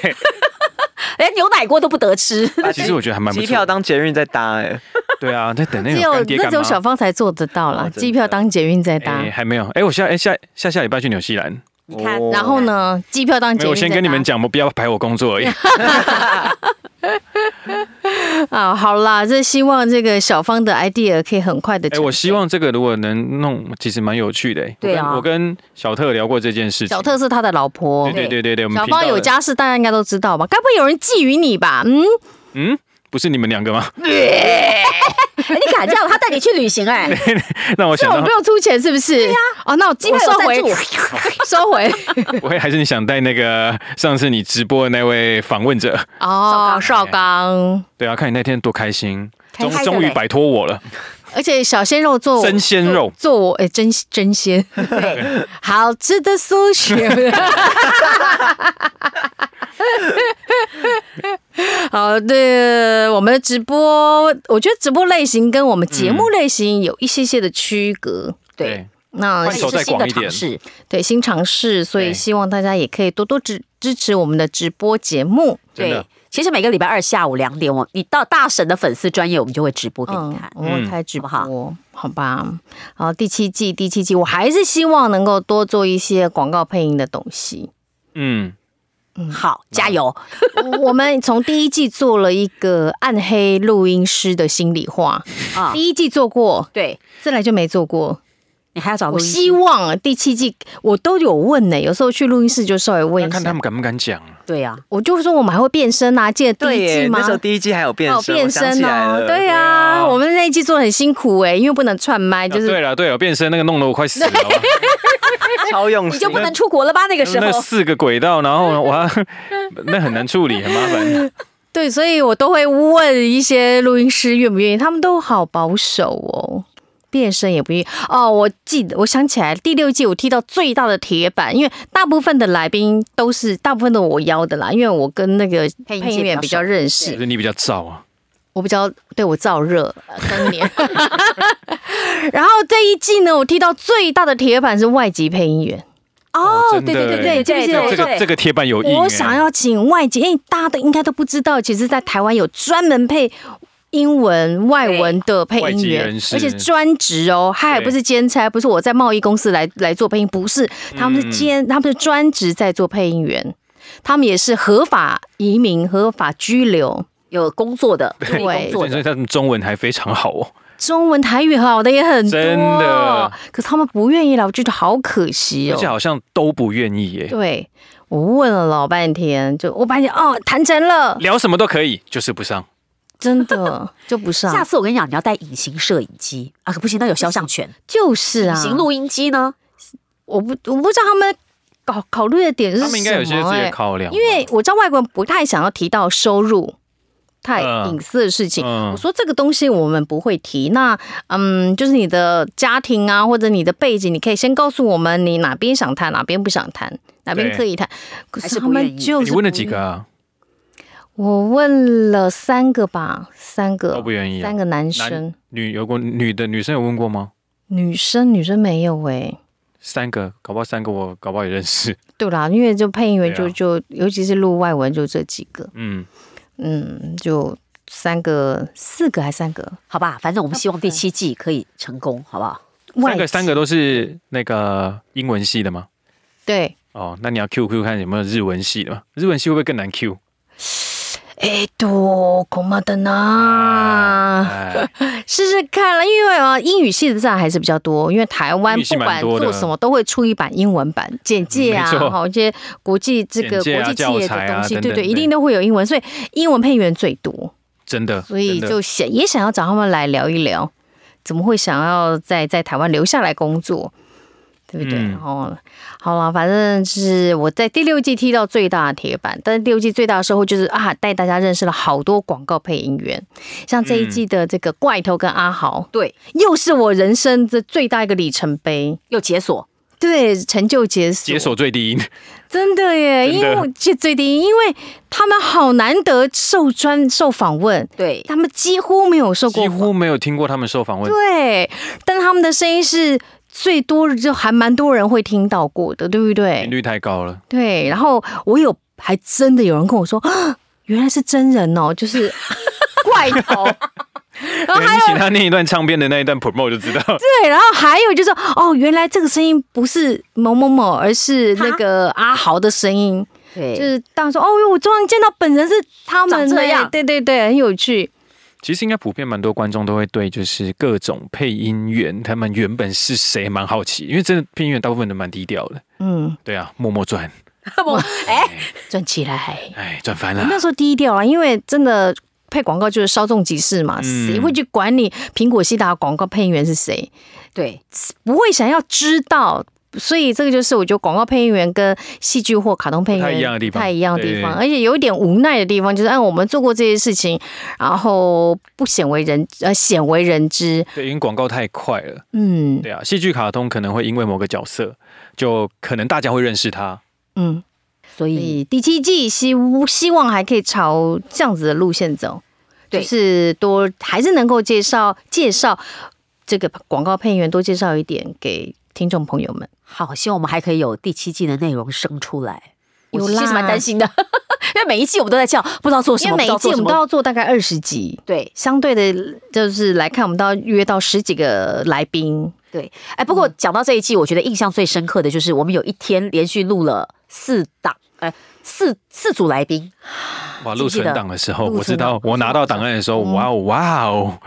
連、欸、牛奶鍋都不得吃，那其實我覺得還蠻不錯。機票當捷運在搭、欸，哎， 對啊，在等乾乾只那個那有小方才做得到啦。機、哦、票當捷運在搭、欸，還沒有。哎、欸，我下哎、欸、下下下禮拜去紐西蘭，你看、哦，然後呢，機票當捷運。我先跟你們講， 我不要排我工作而已。 啊，好啦，這希望這個小芳的 idea 可以很快的。哎，我希望這個如果能弄，其實蠻有趣的。對啊我，我跟小特聊過這件事情。小特是他的老婆。對對對對，對，對小芳有家室，大家應該都知道吧？該不會有人覬覦你吧？嗯嗯。不是你們兩個嗎、欸？你敢叫我他帶你去旅行哎、欸？那我先……我不用出錢是不是？對呀、啊。哦，那我，我收回， 收回。我也，還是你想帶那個上次你直播的那位訪問者？哦，邵剛。對啊，看你那天多開心，終終於擺脫我了。而且小鮮肉做真鮮肉，做哎、欸、真真鮮，好吃的蘇雪。 好，對，我們的直播，我覺得直播類型跟我們節目類型有一些些的區隔，嗯、對。那也是新的嘗試，對，新嘗試，所以希望大家也可以多多支支持我們的直播節目。對，對，其實每個禮拜二下午兩點，我你到大嬸的粉絲專頁，我們就會直播給你看。嗯、我們開直播、嗯，好吧？好，第七季，第七季，我還是希望能夠多做一些廣告配音的東西。嗯。嗯，好，加油 我，我們從第一季做了一個暗黑錄音師的心裡話啊，oh, 第一季做過，對，再來就沒做過。你還要找我？我希望第七季，我都有問呢、欸。有時候去錄音室就稍微問一下，看他們敢不敢講、啊。對啊，我就是說我們還會變聲啊，記得第一季嗎？那時候第一季還有變聲還有變聲、哦、啊。對啊，對啊我們那一季做很辛苦哎、欸，因為不能串麥，就是對了，對啊，變聲那個弄得我快死了， 超用心。你就不能出國了吧？那、那個時候那四個軌道，然後我還 那很難處理，很麻煩。 對，所以我都會問一些錄音師願不願意，他們都好保守哦。變身也不易哦。我記得，我想起來第六季我踢到最大的鐵板，因為大部分的來賓都是大部分都我邀的啦，因為我跟那個配音員比較認識。你比較燥啊？我比較對我燥熱三年。 然後這一季呢，我踢到最大的鐵板是外籍配音員。哦，哦對對對對，就是我說這個鐵板有硬欸。我想要請外籍，哎，大家的應該都不知道，其實，在台灣有專門配。英文、外文的配音員，是而且專職哦，他還不是兼差，不是我在貿易公司來來做配音，不是，嗯、他們是兼，他們是專職在做配音員，嗯，他們也是合法移民、合法居留、有工作的，對，所以他們中文還非常好哦，中文台語好的也很多，真的，可是他們不願意來，我覺得好可惜哦，而且好像都不願意耶，對，我問了老半天，就我把你哦談成了，聊什麼都可以，就是不上。真的就不是啊！ 下次我跟你講，你要帶隱形攝影機啊，可不行，那有肖像權。就是啊，隱形錄音機呢？我不，我不知道他們考考慮的點是什麼、欸。他們應該有些考量。因為我知道外國人不太想要提到收入、太隱私的事情、嗯嗯。我說這個東西我們不會提。那嗯，就是你的家庭啊，或者你的背景，你可以先告訴我們你哪邊想談，哪邊不想談，哪邊可以談。可是他們就是、欸、你問了幾個、啊？我問了三個吧，三個都不願意、啊，三個男生、男女有過女的女生有問過嗎？女生女生沒有誒、欸。三個搞不好三個我搞不好也認識。對啦，因為就配音員就、啊、就尤其是錄外文就這幾個，嗯嗯，就三個四個還三個，好吧，反正我們希望第七季可以成功，嗯、好不好？三個三個都是那個英文系的嗎？對哦，那你要 Q Q 看有沒有日文系的嗎，日文系會不會更難 Q？哎，多恐怕的呢，試試看了，因為啊、哦，英語系的字還是比較多，因為台灣不管做什麼都會出一版英文版簡介啊，然後、哦、一些國際這個國際企業的東西，啊啊、等等對對，一定都會有英文，所以英文配音員最多真，真的，所以就想也想要找他們來聊一聊，怎麼會想要在在台灣留下來工作？對不對？然後、嗯哦、好了，反正是我在第六季踢到最大的鐵板，但是第六季最大的收穫就是啊，帶大家認識了好多廣告配音員，像這一季的這個怪頭跟阿豪，對、嗯，又是我人生的最大一個里程碑，又解鎖，對，成就解鎖，解鎖最低音，真的耶，的因為解最低音，因為他們好難得受專受訪問，對他們幾乎沒有受過，幾乎沒有聽過他們受訪問，對，但他們的聲音是。最多就還蠻多人會聽到過的，對不對？頻率太高了。對，然後我有還真的有人跟我說，啊，原來是真人哦，就是 怪頭。 然後還有其他那一段唱片的那一段 promo 就知道。對，然後還有就是，哦，原來這個聲音不是某某某，而是那個阿豪的聲音。對，就是當時哦，哦呦，我終於見到本人是他們的這樣。對對對，很有趣。其實應該普遍蠻多觀眾都會對，就是各種配音員他們原本是誰蠻好奇，因為真的配音員大部分都蠻低調的。嗯，對啊，默默賺，哎，賺、欸欸、起來，哎、欸，賺翻了。不要說低調啊，因為真的配廣告就是稍縱即逝嘛，誰、嗯、會去管你蘋果西打廣告配音員是誰？對，不會想要知道。所以這個就是我覺得廣告配音員跟戲劇或卡通配音員不太一樣的地方，太一樣的地方對對對對，而且有一點無奈的地方就是，按、啊、我們做過這些事情，然後不鮮為人呃鮮為人知。對，因為廣告太快了。嗯，對啊，戲劇、卡通可能會因為某個角色，就可能大家會認識他。嗯，所以第七季希希望還可以朝這樣子的路線走，對就是多還是能夠介紹介紹這個廣告配音員，多介紹一點給。聽眾朋友們，好，希望我們還可以有第七季的內容生出來。有啦。我其實蠻擔心的， 因為每一季我們都在叫，不知道做什麼，因為每一季我們都要做，都要做大概二十集，對，相對的，就是來看我們都要約到十幾個來賓，對，哎、嗯欸，不過講到這一季，我覺得印象最深刻的就是我們有一天連續錄了四檔，哎、呃，四四組來賓，哇，錄存檔的時候，我知道我拿到檔案的時候，嗯、哇哇、哦。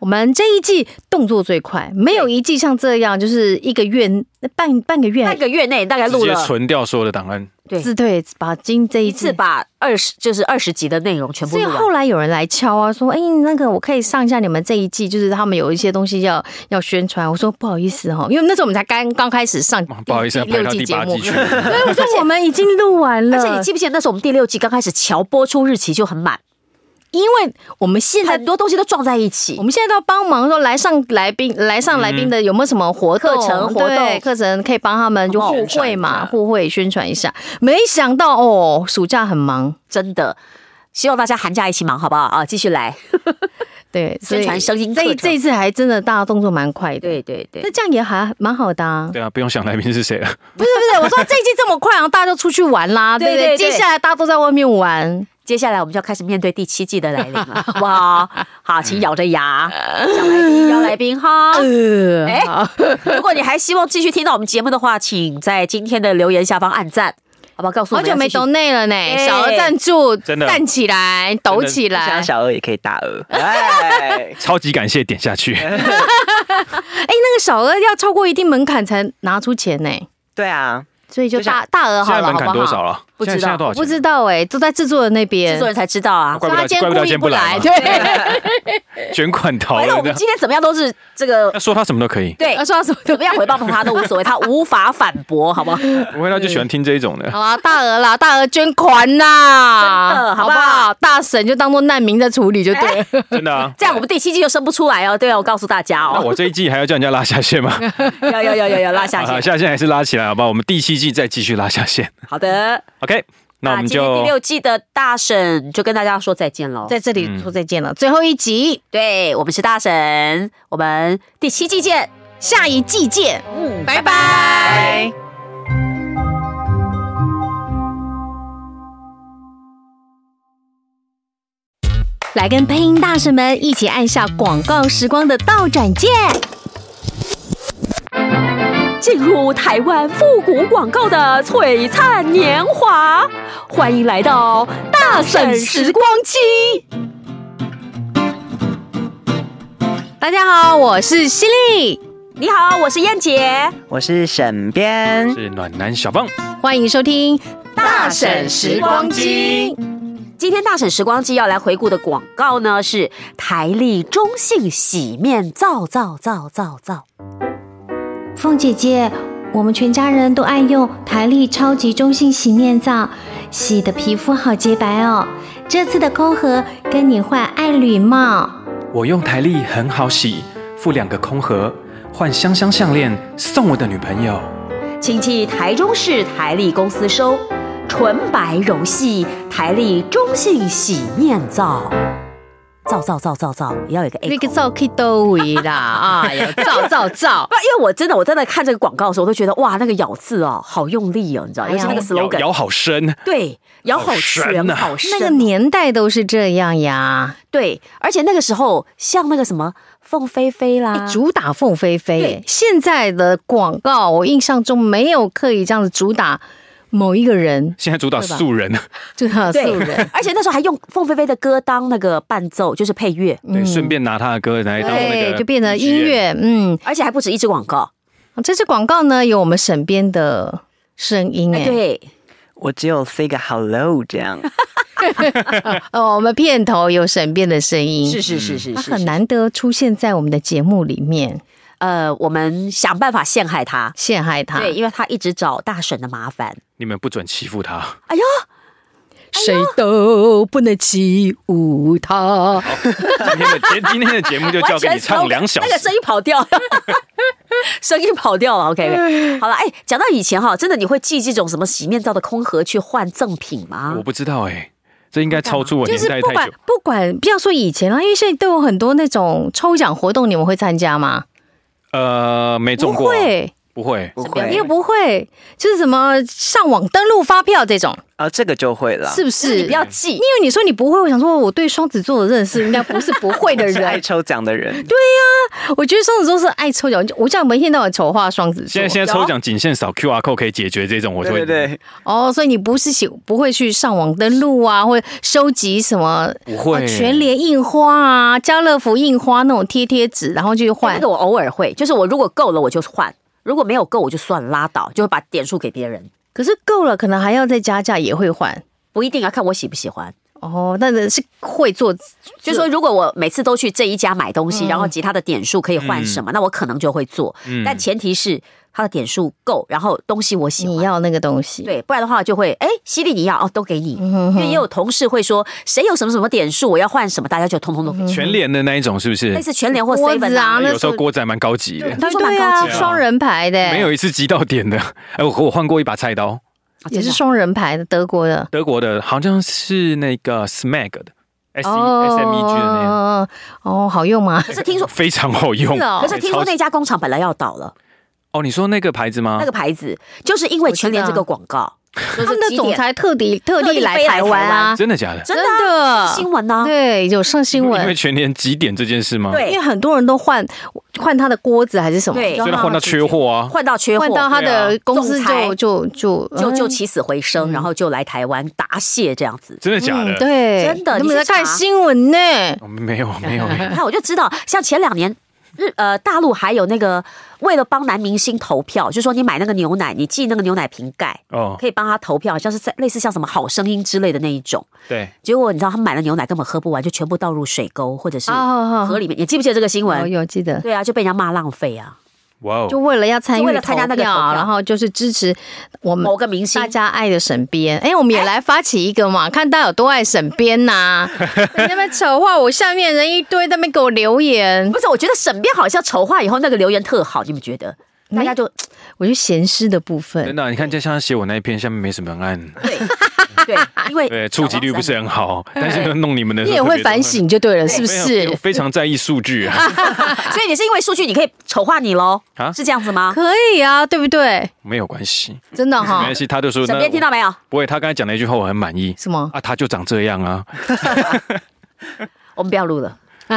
我們這一季動作最快，沒有一季像這樣，就是一個月、半、半個月、半個月內大概錄了，直接存掉所有的檔案。對，對，把今這一季，一次把二十就是二十集的內容全部錄完。所以後來有人來敲啊，說：“哎、欸，那個我可以上一下你們這一季，就是他們有一些東西要要宣傳。”我說：“不好意思哈，因為那時候我們才剛剛開始上，不好意思排第六季節目 對，所以我說我們已經錄完了。 而且你記不記得那時候我們第六季剛開始，喬播出日期就很滿。”因為我們現在多東西都撞在一起，我們現在都要幫忙說來上來賓來上來賓的有沒有什麼活動、嗯、課程活動課程可以幫他們就互惠嘛互惠，哦、宣，宣傳一下。沒想到哦，暑假很忙，真的，希望大家寒假一起忙好不好啊？繼續來， 對，宣傳聲音。這這一次還真的大家動作蠻快的，對對對，那這樣也還蠻好的啊。對啊，不用想來賓是誰了。不是不是，我說這一季這麼快然後大家就出去玩啦。 對，對，對，對對，接下來大家都在外面玩。接下來我們就要開始面對第七季的來臨了，哇！ 好，請咬着牙邀來賓哈。來 欸、好 如果你還希望繼續聽到我們節目的話，請在今天的留言下方按讚，好不好？告訴我好久沒抖內了呢、欸，小額贊助，真的，站起來，抖起來，小額也可以大額，哎 ，超級感謝點下去。哎、 欸，那個小額要超過一定門檻才拿出錢呢。對啊，所以就大就像大額好了好好，門檻多少了？不知道哎、欸，都在制作人那邊，制作人才知道啊。怪不得，怪不得他不來對。捐 款頭逃，哎， 那我們今天怎麼樣都是這個。要說他什麼都可以，對，說他什麼怎麼樣回報他都無所謂， 他無法反駁，好不好？我問他，就喜歡聽這一種的。好啊，大額啦，大額捐款吶，好不好？大嬸就當做難民的處理就對。欸、 真的、啊、 這樣我們第七季就生不出來哦。對啊，我告訴大家哦。 那我這一季還要叫人家拉下線嗎？要要要要要拉下線，好,好，下線還是拉起來，好不好？我們第七季再繼續拉下線。好的。Okay, 那我們就、啊、今天第六季的大嬸就跟大家說再見了，在這裡說再見了，嗯、最後一集，對我們是大嬸，我們第七季見，下一季見，嗯，拜拜。拜拜。來跟配音大嬸們一起按下廣告時光的倒轉鍵。進入台灣復古廣告的璀璨年華，歡迎來到大嬸時光機。大家好，我是西麗，你好，我是燕姐，我是嬸編，是暖男小鳳。歡迎收聽大嬸時光機。今天大嬸時光機要來回顧的廣告呢，是台麗中性洗面皂，皂，皂，皂，皂。鳳姐姐，我們全家人都愛用台麗超級中性洗面皂，洗的皮膚好潔白哦。這次的空盒跟你換愛侶帽。我用台麗很好洗，附兩個空盒換香香項鏈送我的女朋友。請寄台中市台麗公司收純白柔細，台麗中性洗面皂。造造造造造，要有一個 echo。那個造可以都為啦啊！造造造，因為我真的，我在那看這個廣告的時候，我都覺得哇，那個咬字哦，好用力哦，你知道？而、哎、且、就是、那個 slogan 咬，咬好深，對，咬好全好、啊，好深。那個年代都是這樣呀，對。而且那個時候，像那個什麼鳳飛飛啦，欸、主打鳳飛飛。現在的廣告，我印象中沒有刻意這樣子主打。某一個人，現在主導素人，對主導素人， 而且那時候還用鳳飛飛的歌當那個伴奏，就是配樂，嗯、對，順便拿他的歌來當、那個。對，就變成音、音、音樂，嗯，而且還不止一支廣告。這支廣告呢，有我們嬸編的聲音，哎，對，我只有 say a hello 這樣。 哦，我們片頭有嬸編的聲音，是是是是，他很難得出現在我們的節目裡面。呃，我們想辦法陷害他，陷害他，對，因為他一直找大嬸的麻煩。你們不准欺負他。哎呀，誰、哎、都不能欺負他。今天的節，今天的節目就交 給你唱兩小時那個聲音跑掉了，聲 音跑掉了。OK，, okay 好了，哎、欸，講到以前哈，真的你會寄這種什麼洗面皂的空盒去換贈品嗎？我不知道哎、欸，這應該超出我年代太久、就是、不管不管，不要說以前啊，因為現在都有很多那種抽獎活動，你們會參加嗎？呃，沒中過，不會，不會，不會，又不會，就是什麼上網登錄發票這種。啊，這個就會了，是不是？是你不要記，因為你說你不會，我想說我對雙子座的認識應該不是不會的人， 我是愛抽獎的人。對呀、啊，我覺得雙子座是愛抽獎，我這樣每天都有醜化雙子座。現在現在抽獎僅限掃 QR code 可以解決這種，我就會。哦，對對對 oh, 所以你不是喜不會去上網登錄啊，或收集什麼？不會、啊、全聯印花啊，家樂福印花那種貼貼紙，然後就去換。這個我偶爾會，就是我如果夠了我就換，如果沒有夠我就算拉倒，就會把點數給別人。可是夠了，可能還要再加價也會換，不一定要看我喜不喜歡。哦，那人是會做，就、就是、說如果我每次都去這一家買東西，嗯、然後集他的點數可以換什麼、嗯，那我可能就會做。嗯、但前提是他的點數夠，然後東西我喜歡，你要那個東西，對，不然的話就會哎，犀、欸、利，西裡你要哦，都給你、嗯。因為也有同事會說，誰有什麼什麼點數，我要換什麼，大家就通通都給你全聯的那一種，是不是？那次全聯或 C、啊、子啊，有時候鍋仔蠻高級的，他說蠻高級，雙、啊、人牌的，沒有一次集到點的。哎， 我和我換過一把菜刀。喔、也是雙人牌的，德國的，德國的，好像是那個 s m a g 的，S S M E G 的那樣。哦，好用嗎？可是聽說非常好用、哦，可是聽說那家工廠本來要倒了。哦，你說那個牌子嗎？那個牌子就是因為全聯這個廣告。他們的總裁特地 特地來台灣啊。啊？真的假的？真的、啊、新聞呢、啊？對，有上新聞，因為全年集點這件事嗎？對，因為很多人都換換他的鍋子還是什麼，對，所以他換到缺貨啊，換到缺貨，換到他的公司就、啊、就就就、嗯、就，就起死回生，然後就來台灣答謝這樣子，真的假的？嗯、對，真的，你們在你看新聞呢、哦？沒有沒有，你看 我就知道，像前兩年。日呃，大陸還有那個為了幫男明星投票，就是、說你買那個牛奶，你寄那個牛奶瓶蓋哦，oh. 可以幫他投票，像是在類似像什麼好聲音之類的那一種。對，結果你知道他們買的牛奶根本喝不完，就全部倒入水溝或者是河裡面。Oh. Oh. 你記不記得這個新聞？我、oh. 有、oh. oh. oh. 記得。對啊，就被人家罵浪費啊。Wow、就為了要參與，為了參加那個投票，然後就是支持我們某個明星，大家愛的嬸編。哎，我們也來發起一個嘛，看大家有多愛嬸編吶！ 那邊醜化我下面人一堆，都沒給我留言。不是，我覺得嬸編好像醜化以後，那個留言特好，你們覺得？嗯、大家就。我就閒詩的部分。真的，你看，就像他寫我那一篇，下面沒什麼人按。對，因 為，對，觸及率不是很好， 但是弄你們的。你也會反省就對了，對，是不是？我非常在意數據、啊， 所以你是因為數據，你可以醜化你嘍啊？是這樣子嗎？可以啊，對不對？沒有關係，真的哈、哦。沒關係，他就說。你小編聽到沒有？不會，他剛才講了一句話，我很滿意。什麼？啊，他就長這樣啊。 我們不要錄了， 不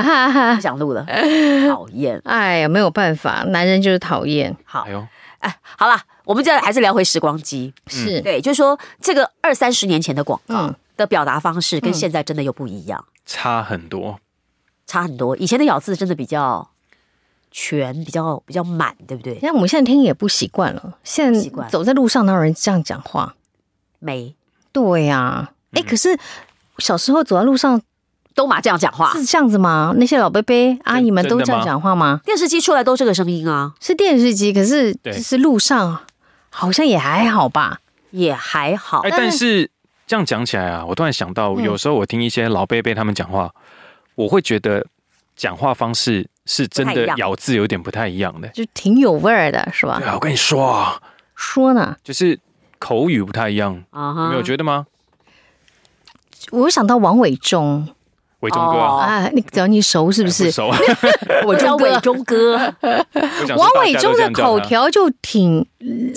想錄了，討 厭。哎呀，沒有辦法，男人就是討厭。好。哎哎，好了，我們接下來還是聊回時光機，是對，就是說這個二三十年前的廣告的表達方式跟現在真的又不一樣，嗯、差很多，差很多。以前的咬字真的比較全，比較比較滿，對不對？那我們現在聽也不習慣了，現在走在路上哪有人這樣講話？沒，對呀、啊，哎、嗯，可是小時候走在路上。都嘛這樣講話是這樣子嗎？那些老伯伯阿姨、嗯啊、們都這樣講話嗎,嗎？電視機出來都這個聲音啊，是電視機。可是就是路上好像也還好吧，也還好。哎、欸，但是這樣講起來啊，我突然想到、嗯，有時候我聽一些老伯伯他們講話，我會覺得講話方式是真的咬字有點不太一樣的，樣就挺有味兒的，是吧？我跟你說啊，說呢，就是口語不太一樣啊，uh-huh、有沒有覺得嗎？我又想到王偉忠。偉忠哥、啊，哎、哦，那、啊、只要你熟是不是？不熟啊、 我叫偉忠哥、啊， 王偉忠的口條就挺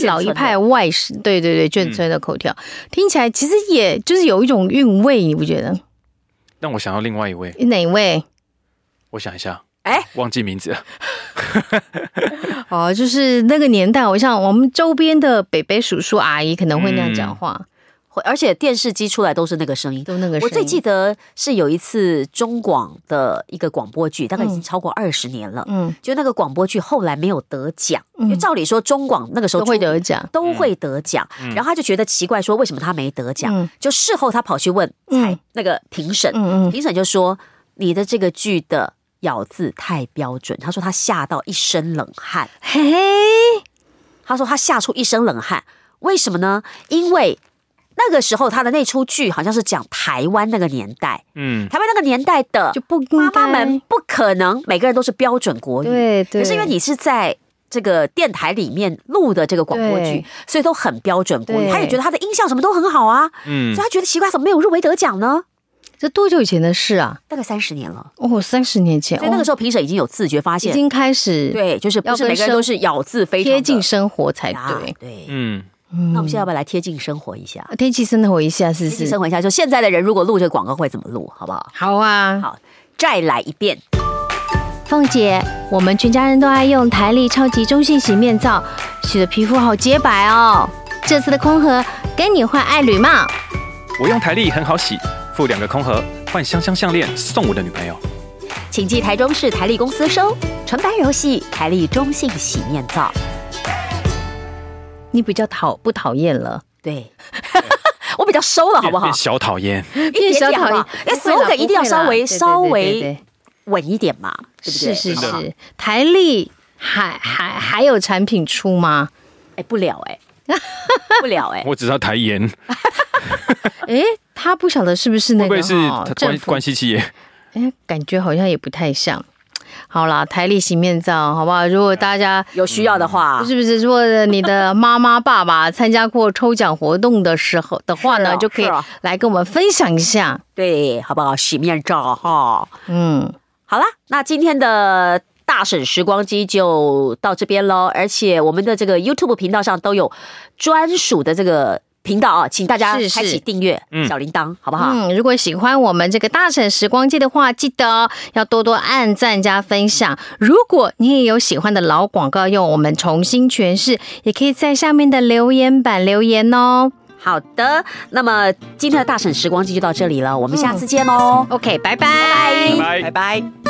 老一派外省，對對對，眷村的口條、嗯、聽起來其實也就是有一種韻味，你不覺得？那我想要另外一位，哪一位？我想一下，哎、欸，忘記名字了。 哦，就是那個年代，我想我們周邊的北北叔叔阿姨可能會那樣講話。嗯而且電視機出來都是那個聲音，都那個。我最記得是有一次中廣的一個廣播劇，嗯、大概已經超過二十年了。嗯，就那個廣播劇後來沒有得獎，嗯、就照理說中廣那個時候都會得獎，都會得獎。嗯、然後他就覺得奇怪，說為什麼他沒得獎？嗯、就事後他跑去問，才、嗯哎、那個評審，嗯，評審就說、嗯、你的這個劇的咬字太標準，他說他嚇到一身冷汗，嘿嘿，他說他嚇出一身冷汗，為什麼呢？因為。那個時候他的那出劇好像是講台灣那個年代，嗯，台灣那個年代的就不，媽媽們不可能每個人都是標準國語。對，對，可是因為你是在這個電台裡面錄的這個廣播劇，所以都很標準國語。他也覺得他的音效什麼都很好啊，嗯，所以他覺得奇怪，怎麼沒有入圍得獎呢？這多久以前的事啊？大概三十年了哦，三十年前，所以那個時候評審已經有自覺發現，已經開始對，就是不是每個人都是咬字非常貼近生活才對，啊、對，嗯。那我們現在要不要來貼近生活一下？嗯、貼近生活一下是，是，貼近生活一下，就現在的人如果錄這個廣告會怎麼錄，好不好？好啊，好，再來一遍。鳳姐，我們全家人都愛用台麗超級中性洗面皂，洗的皮膚好潔白哦。這次的空盒跟你換愛侶帽。我用台麗很好洗，付兩個空盒換香香項鏈送我的女朋友。請寄台中市台麗公司收，純白柔細台麗中性洗面皂。你比較討不討厭了？對， 我比較收了，好不好？變變小討厭，一點點好不好。哎，風、欸、格一定要稍微稍微穩一點嘛，對對，是是是。台麗還還還有產品出嗎？哎、欸，不了哎、欸，不了哎、欸。 我只知道台鹽。哎、 欸，他不曉得是不是那個會不會是、哦、關政府關係企業耶？哎、欸，感覺好像也不太像。好啦，台麗洗面皂，好不好？如果大家有需要的話，是不是？如果你的媽媽、爸爸參加過抽獎活動的時候的話呢 的的，就可以來跟我們分享一下，對，好不好？洗面皂，哈，嗯，好啦，那今天的大嬸時光機就到這邊嘍。而且我們的這個 YouTube 頻道上都有專屬的這個。頻道啊，請大家開啟訂閱，是是小鈴鐺、嗯，好不好？嗯，如果喜歡我們這個大嬸時光機的話，記得、哦、要多多按讚加分享。如果你也有喜歡的老廣告用，用我們重新詮釋，也可以在下面的留言板留言哦。好的，那麼今天的大嬸時光機就到這裡了，我們下次見嘍、哦嗯。OK，拜拜拜拜拜拜。Bye bye bye bye bye bye